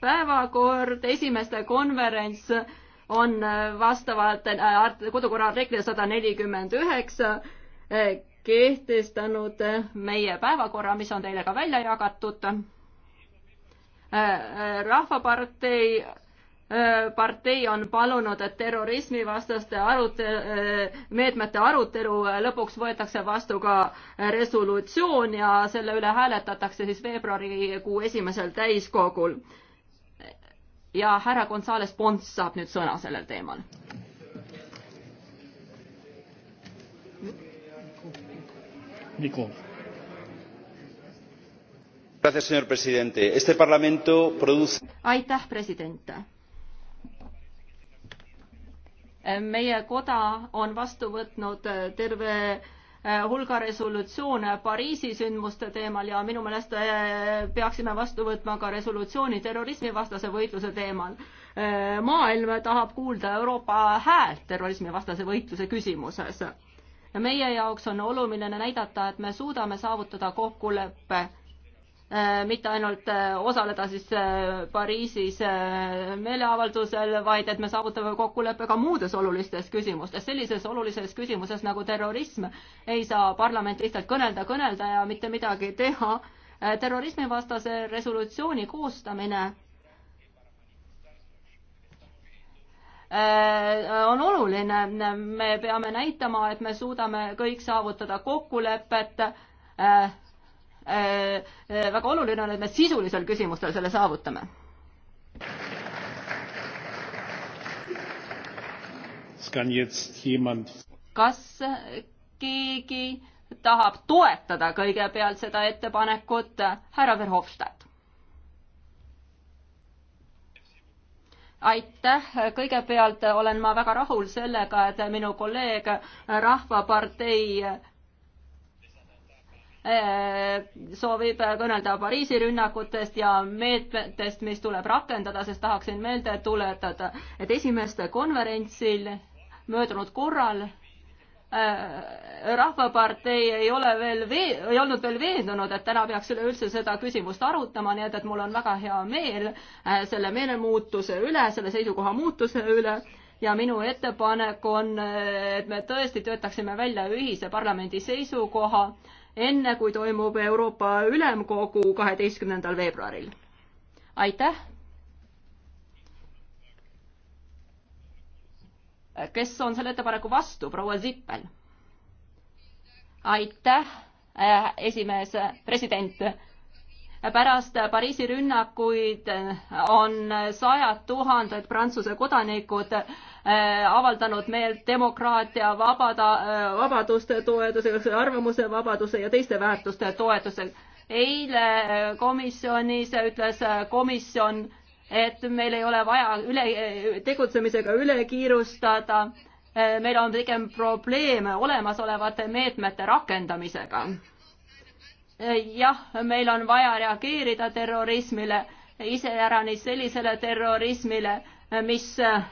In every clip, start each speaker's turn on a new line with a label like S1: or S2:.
S1: päevakord, esimeste konverents on vastavalt äh, kodukorra artiklile sada nelikümmend üheksa äh, kehtestanud meie päevakorra, mis on teile ka välja jagatud. Äh, rahvapartei, partei on palunud, et terrorismivastaste arute-, meetmete arutelu lõpuks võetakse vastu ka resolutsioon ja selle üle hääletatakse siis veebruarikuu esimesel täiskogul ja härra Gonzales Pons saab nüüd sõna sellel teemal. aitäh, president meie koda on vastu võtnud terve Äh, hulga resolutsioone Pariisi sündmuste teemal ja minu meelest äh, peaksime vastu võtma ka resolutsiooni terrorismivastase võitluse teemal. Äh, maailm tahab kuulda Euroopa häält terrorismivastase võitluse küsimuses. meie jaoks on oluline näidata, et me suudame saavutada kokkuleppe Äh, mitte ainult äh, osaleda siis äh, Pariisis meeleavaldusel, vaid et me saavutame kokkuleppe ka muudes olulistes küsimustes. sellises olulises küsimuses nagu terrorism ei saa parlament lihtsalt kõnelda, kõnelda ja mitte midagi teha. terrorismivastase resolutsiooni koostamine on oluline, me peame näitama, et me suudame kõik saavutada kokkulepet Äh, äh, väga oluline on, et me sisulisel küsimustel selle saavutame. kas keegi tahab toetada kõigepealt seda ettepanekut, härra Verhofstadt? aitäh, kõigepealt olen ma väga rahul sellega, et minu kolleeg Rahvapartei Äh, soovib kõnelda Pariisi rünnakutest ja meetmetest, mis tuleb rakendada, sest tahaksin meelde tuletada, et esimest konverentsil möödunud korral äh, rahvapartei ei ole veel vee-, ei olnud veel veendunud, et täna peaks üleüldse seda küsimust arutama, nii et, et mul on väga hea meel äh, selle meelemuutuse üle, selle seisukoha muutuse üle ja minu ettepanek on, et me tõesti töötaksime välja ühise parlamendi seisukoha enne kui toimub Euroopa Ülemkogu kaheteistkümnendal veebruaril. aitäh. kes on selle ettepaneku vastu, proua Zippel? aitäh, äh, esimees, president pärast Pariisi rünnakuid on sajad tuhanded Prantsuse kodanikud äh, avaldanud meelt demokraatia, vabada, äh, vabaduste toetuseks, arvamuse vabaduse ja teiste väärtuste toetuseks. eile äh, komisjonis ütles komisjon, et meil ei ole vaja üle, tegutsemisega üle kiirustada, meil on pigem probleeme olemasolevate meetmete rakendamisega jah, meil on vaja reageerida terrorismile, iseäranis sellisele terrorismile, mis äh,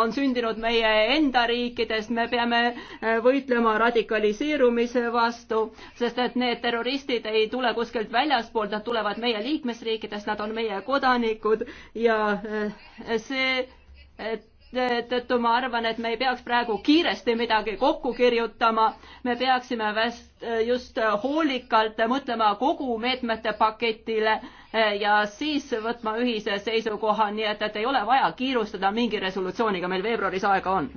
S1: on sündinud meie enda riikidest, me peame äh, võitlema radikaliseerumise vastu, sest et need terroristid ei tule kuskilt väljaspoolt, nad tulevad meie liikmesriikidest, nad on meie kodanikud ja äh, see et seetõttu ma arvan, et me ei peaks praegu kiiresti midagi kokku kirjutama, me peaksime just hoolikalt mõtlema kogu meetmete paketile eh, ja siis võtma ühise seisukoha, nii et, et ei ole vaja kiirustada mingi resolutsiooniga, meil veebruaris aega on.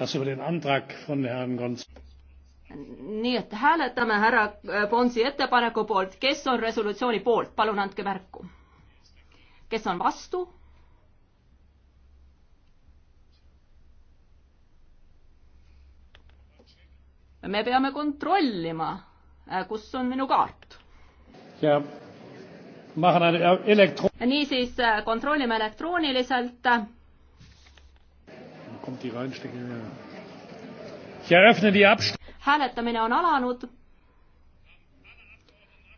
S1: kas oli antrag von Herrn Gonz-? nii et hääletame härra Bonsi ettepaneku poolt, kes on resolutsiooni poolt, palun andke märku kes on vastu? me peame kontrollima, äh, kus on minu kaart. niisiis äh, kontrollime elektrooniliselt. hääletamine on alanud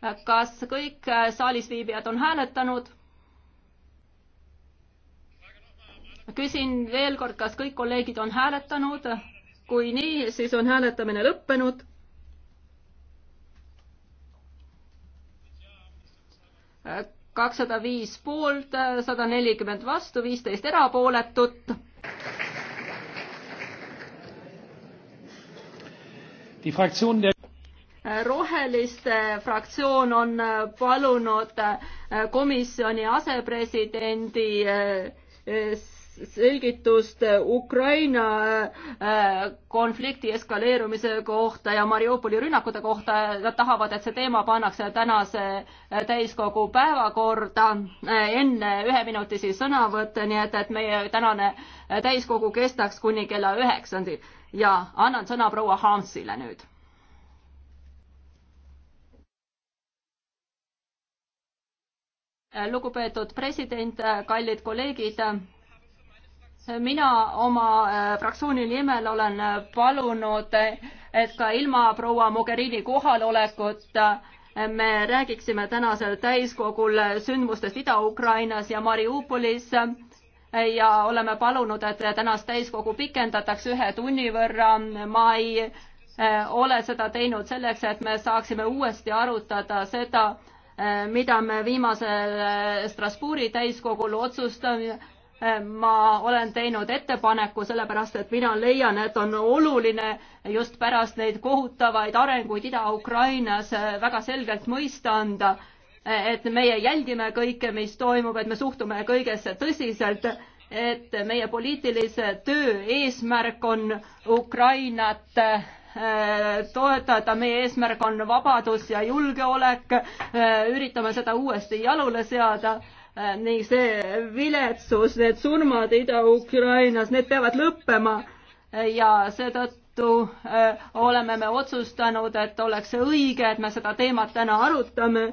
S1: äh, kas kõik saalis viibijad on hääletanud? küsin veel kord, kas kõik kolleegid on hääletanud? kui nii, siis on hääletamine lõppenud. kakssada viis poolt, sada nelikümmend vastu, viisteist erapooletut. roheliste fraktsioon on palunud komisjoni asepresidendi eh, eh, selgitust Ukraina äh, konflikti eskaleerumise kohta ja Mariupoli rünnakute kohta. Nad tahavad, et see teema pannakse tänase äh, täiskogu päevakorda äh, enne üheminutisi sõnavõtte, nii et, et meie tänane täiskogu kestaks kuni kella üheksandil ja annan sõna proua Harmsile nüüd lugupeetud president, kallid kolleegid mina oma äh, fraktsiooni nimel olen äh, palunud, et ka ilma proua Mogherini kohalolekuta äh, me räägiksime tänasel täiskogul sündmustest Ida-Ukrainas ja Mariupolis ja oleme palunud, et tänast täiskogu pikendatakse ühe tunni võrra. ma ei ole seda teinud selleks, et me saaksime uuesti arutada seda, mida me viimasel Strasbourgi täiskogul otsustame ma olen teinud ettepaneku, sellepärast et mina leian, et on oluline just pärast neid kohutavaid arenguid Ida-Ukrainas väga selgelt mõista anda, et meie jälgime kõike, mis toimub, et me suhtume kõigesse tõsiselt, et meie poliitilise töö eesmärk on Ukrainat äh, toetada, meie eesmärk on vabadus ja julgeolek, äh, üritame seda uuesti jalule seada Äh, ning see viletsus, need surmad Ida-Ukrainas, need peavad lõppema äh, ja seetõttu äh, oleme me otsustanud, et oleks õige, et me seda teemat täna arutame,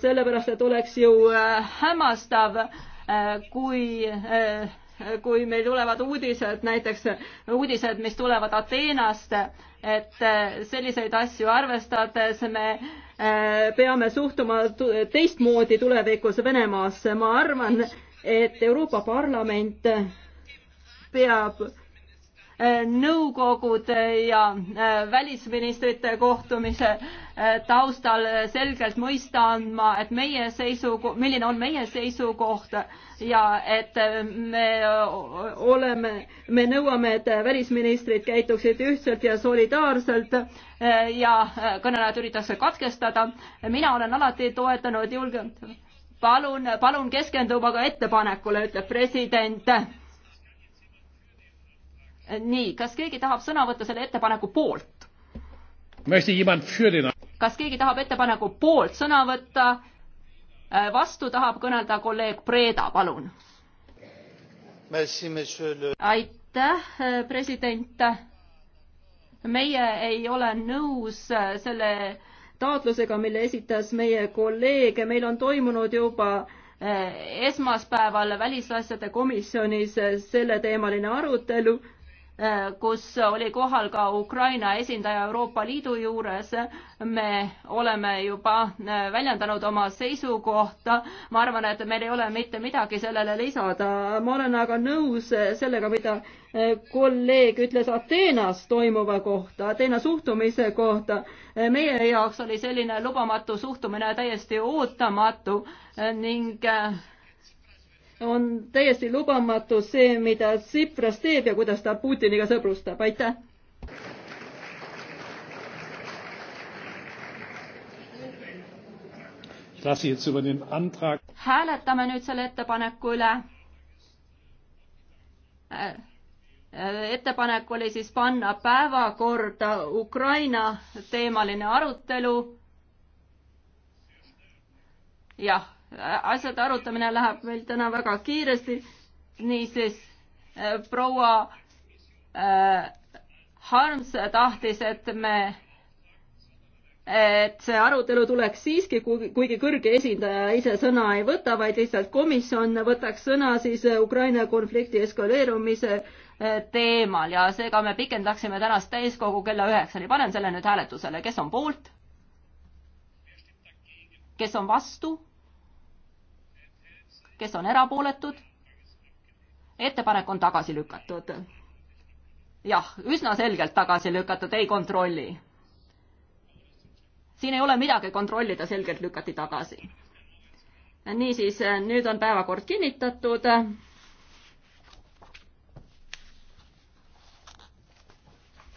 S1: sellepärast et oleks ju hämmastav, kui kui meil tulevad uudised, näiteks uudised, mis tulevad Ateenast, et äh, selliseid asju arvestades me äh, peame suhtuma teistmoodi tulevikus Venemaasse. ma arvan, et Euroopa Parlament peab nõukogude ja äh, välisministrite kohtumise äh, taustal äh, selgelt mõista andma, et meie seisuko-, milline on meie seisukoht ja et me oleme, me nõuame, et välisministrid käituksid ühtselt ja solidaarselt ja kõnelejad üritatakse katkestada. mina olen alati toetanud julge-, palun, palun keskenduma ka ettepanekule, ütleb president Äh, nii, kas keegi tahab sõna võtta selle ettepaneku poolt? kas keegi tahab ettepaneku poolt sõna võtta? Äh, vastu tahab kõnelda kolleeg Breda, palun. aitäh, äh, president. meie ei ole nõus selle taotlusega, mille esitas meie kolleeg, meil on toimunud juba esmaspäeval välisasjade komisjonis selleteemaline arutelu Äh, kus oli kohal ka Ukraina esindaja Euroopa Liidu juures. me oleme juba äh, väljendanud oma seisukohta. ma arvan, et meil ei ole mitte midagi sellele lisada. ma olen aga nõus äh, sellega, mida kolleeg ütles Ateenas toimuva kohta, Ateena suhtumise kohta. meie jaoks oli selline lubamatu suhtumine täiesti ootamatu ning on täiesti lubamatu see, mida Tsipras teeb ja kuidas ta Putiniga sõbrustab, aitäh. hääletame nüüd selle ettepaneku üle. Äh, ettepanek oli siis panna päevakorda Ukraina teemaline arutelu. jah asjade arutamine läheb meil täna väga kiiresti. niisiis äh, proua äh, Harms tahtis, et me, et see arutelu tuleks siiski, kuigi kõrge esindaja ise sõna ei võta, vaid lihtsalt komisjon võtaks sõna siis äh, Ukraina konflikti eskaleerumise äh, teemal ja seega me pikendaksime tänast täiskogu kella üheksani. panen selle nüüd hääletusele, kes on poolt? kes on vastu? kes on erapooletud? ettepanek on tagasi lükatud. jah, üsna selgelt tagasi lükatud, ei kontrolli. siin ei ole midagi kontrollida, selgelt lükati tagasi. niisiis, nüüd on päevakord kinnitatud